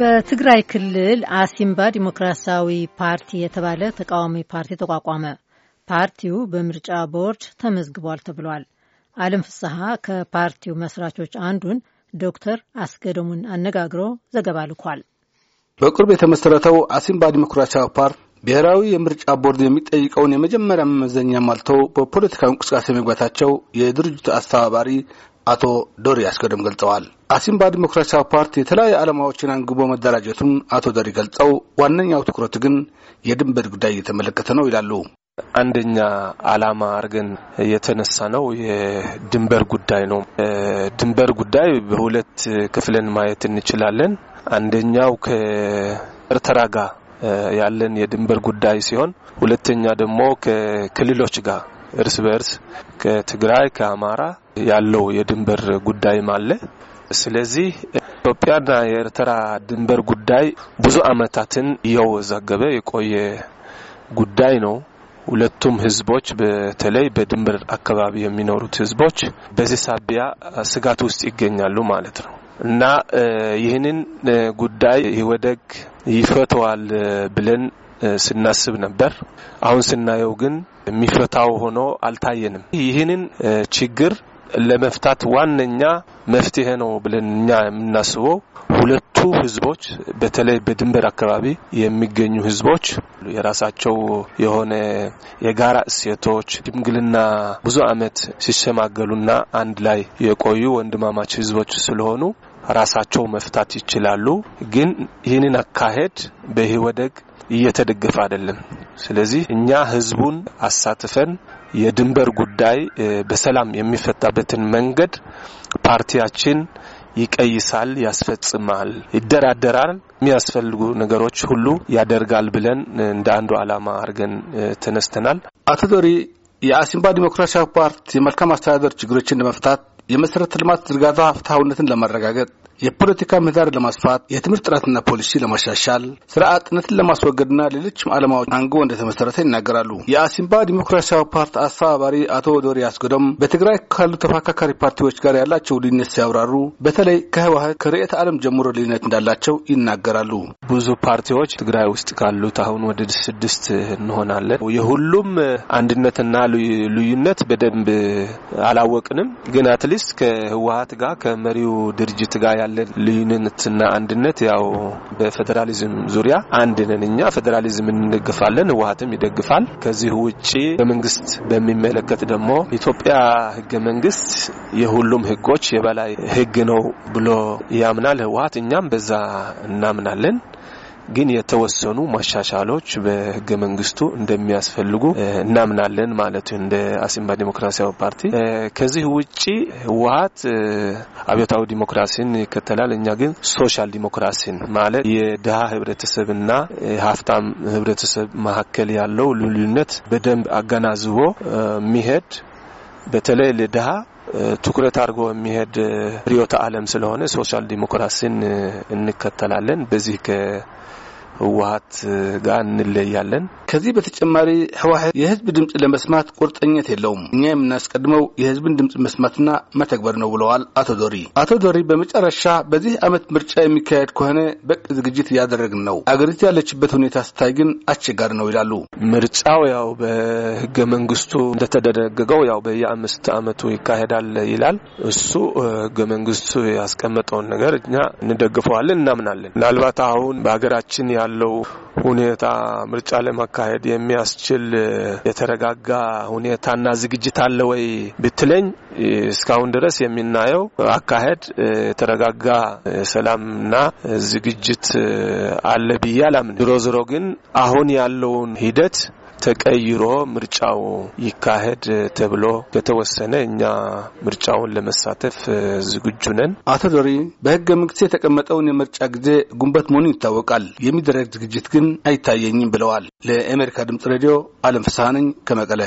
በትግራይ ክልል አሲምባ ዲሞክራሲያዊ ፓርቲ የተባለ ተቃዋሚ ፓርቲ ተቋቋመ። ፓርቲው በምርጫ ቦርድ ተመዝግቧል ተብሏል። አለም ፍስሐ ከፓርቲው መስራቾች አንዱን ዶክተር አስገደሙን አነጋግሮ ዘገባ ልኳል። በቅርብ የተመሰረተው አሲምባ ዲሞክራሲያዊ ፓርቲ ብሔራዊ የምርጫ ቦርድ የሚጠይቀውን የመጀመሪያ መመዘኛ ማልተው በፖለቲካዊ እንቅስቃሴ መግባታቸው የድርጅቱ አስተባባሪ አቶ ዶሪ አስገደም ገልጸዋል። አሲምባ ዲሞክራሲያዊ ፓርቲ የተለያዩ ዓላማዎችን አንግቦ መደራጀቱን አቶ ዶሪ ገልጸው ዋነኛው ትኩረት ግን የድንበር ጉዳይ እየተመለከተ ነው ይላሉ። አንደኛ ዓላማ አድርገን የተነሳ ነው የድንበር ጉዳይ ነው። ድንበር ጉዳይ በሁለት ክፍልን ማየት እንችላለን። አንደኛው ከኤርትራ ጋር ያለን የድንበር ጉዳይ ሲሆን ሁለተኛ ደግሞ ከክልሎች ጋር እርስ በእርስ ከትግራይ ከአማራ ያለው የድንበር ጉዳይም አለ። ስለዚህ ኢትዮጵያና የኤርትራ ድንበር ጉዳይ ብዙ ዓመታትን እያወዛገበ የቆየ ጉዳይ ነው። ሁለቱም ህዝቦች በተለይ በድንበር አካባቢ የሚኖሩት ህዝቦች በዚህ ሳቢያ ስጋት ውስጥ ይገኛሉ ማለት ነው እና ይህንን ጉዳይ ይወደግ ይፈተዋል ብለን ስናስብ ነበር። አሁን ስናየው ግን የሚፈታው ሆኖ አልታየንም። ይህንን ችግር ለመፍታት ዋነኛ መፍትሄ ነው ብለን እኛ የምናስበው ሁለቱ ህዝቦች በተለይ በድንበር አካባቢ የሚገኙ ህዝቦች የራሳቸው የሆነ የጋራ እሴቶች ሽምግልና ብዙ አመት ሲሸማገሉና አንድ ላይ የቆዩ ወንድማማች ህዝቦች ስለሆኑ ራሳቸው መፍታት ይችላሉ። ግን ይህንን አካሄድ በህወደግ እየተደገፈ አይደለም። ስለዚህ እኛ ህዝቡን አሳትፈን የድንበር ጉዳይ በሰላም የሚፈታበትን መንገድ ፓርቲያችን ይቀይሳል፣ ያስፈጽማል፣ ይደራደራል፣ የሚያስፈልጉ ነገሮች ሁሉ ያደርጋል ብለን እንደ አንዱ ዓላማ አድርገን ተነስተናል። አቶ ዶሪ የአሲምባ ዲሞክራሲያዊ ፓርቲ የመልካም አስተዳደር ችግሮችን ለመፍታት የመሰረተ ልማት ዝርጋታ ፍትሐዊነትን ለማረጋገጥ የፖለቲካ ምህዳር ለማስፋት የትምህርት ጥራትና ፖሊሲ ለማሻሻል ስራ አጥነትን ለማስወገድና ሌሎችም ዓላማዎች አንግቦ እንደተመሰረተ ይናገራሉ። የአሲምባ ዲሞክራሲያዊ ፓርቲ አስተባባሪ አቶ ዶሪ አስገዶም በትግራይ ካሉ ተፋካካሪ ፓርቲዎች ጋር ያላቸው ልዩነት ሲያብራሩ በተለይ ከህወሀት ከርዕዮተ ዓለም ጀምሮ ልዩነት እንዳላቸው ይናገራሉ። ብዙ ፓርቲዎች ትግራይ ውስጥ ካሉት አሁን ወደ ስድስት እንሆናለን። የሁሉም አንድነትና ልዩነት በደንብ አላወቅንም፣ ግን አትሊስት ከህወሀት ጋር ከመሪው ድርጅት ጋር ያለን ልዩነትና አንድነት ያው በፌዴራሊዝም ዙሪያ አንድ ነን። እኛ ፌዴራሊዝም እንደግፋለን፣ ህወሀትም ይደግፋል። ከዚህ ውጭ በመንግስት በሚመለከት ደግሞ ኢትዮጵያ ህገ መንግስት የሁሉም ህጎች የበላይ ህግ ነው ብሎ ያምናል ህወሀት። እኛም በዛ እናምናለን። ግን የተወሰኑ ማሻሻሎች በህገ መንግስቱ እንደሚያስፈልጉ እናምናለን ማለት እንደ አሲምባ ዲሞክራሲያዊ ፓርቲ። ከዚህ ውጭ ህወሀት አብዮታዊ ዲሞክራሲን ይከተላል። እኛ ግን ሶሻል ዲሞክራሲን ማለት የድሀ ህብረተሰብና ሀብታም ህብረተሰብ መካከል ያለው ልዩነት በደንብ አገናዝቦ ሚሄድ በተለይ ለድሀ ትኩረት አድርጎ የሚሄድ ሪዮተ ዓለም ስለሆነ ሶሻል ዲሞክራሲን እንከተላለን። በዚህ ህወሀት ጋር እንለያለን። ከዚህ በተጨማሪ ህወሀት የህዝብ ድምፅ ለመስማት ቁርጠኝነት የለውም። እኛ የምናስቀድመው የህዝብን ድምፅ መስማትና መተግበር ነው ብለዋል አቶ ዶሪ። አቶ ዶሪ በመጨረሻ በዚህ ዓመት ምርጫ የሚካሄድ ከሆነ በቂ ዝግጅት እያደረግን ነው፣ አገሪቱ ያለችበት ሁኔታ ስታይ ግን አስቸጋሪ ነው ይላሉ። ምርጫው ያው በህገ መንግስቱ እንደተደነገገው ያው በየአምስት ዓመቱ ይካሄዳል ይላል። እሱ ህገ መንግስቱ ያስቀመጠውን ነገር እኛ እንደግፈዋለን፣ እናምናለን። ምናልባት አሁን በሀገራችን ባለው ሁኔታ ምርጫ ለመካሄድ የሚያስችል የተረጋጋ ሁኔታና ዝግጅት አለ ወይ ብትለኝ እስካሁን ድረስ የሚናየው አካሄድ የተረጋጋ ሰላምና ዝግጅት አለ ብዬ አላምን። ዝሮ ዝሮ ግን አሁን ያለውን ሂደት ተቀይሮ ምርጫው ይካሄድ ተብሎ ከተወሰነ እኛ ምርጫውን ለመሳተፍ ዝግጁ ነን። አቶ ዶሪ በህገ መንግስት የተቀመጠውን የምርጫ ጊዜ ጉንበት መሆኑ ይታወቃል። የሚደረግ ዝግጅት ግን አይታየኝም ብለዋል። ለአሜሪካ ድምጽ ሬዲዮ አለም ፍስሐ ነኝ ከመቀለ።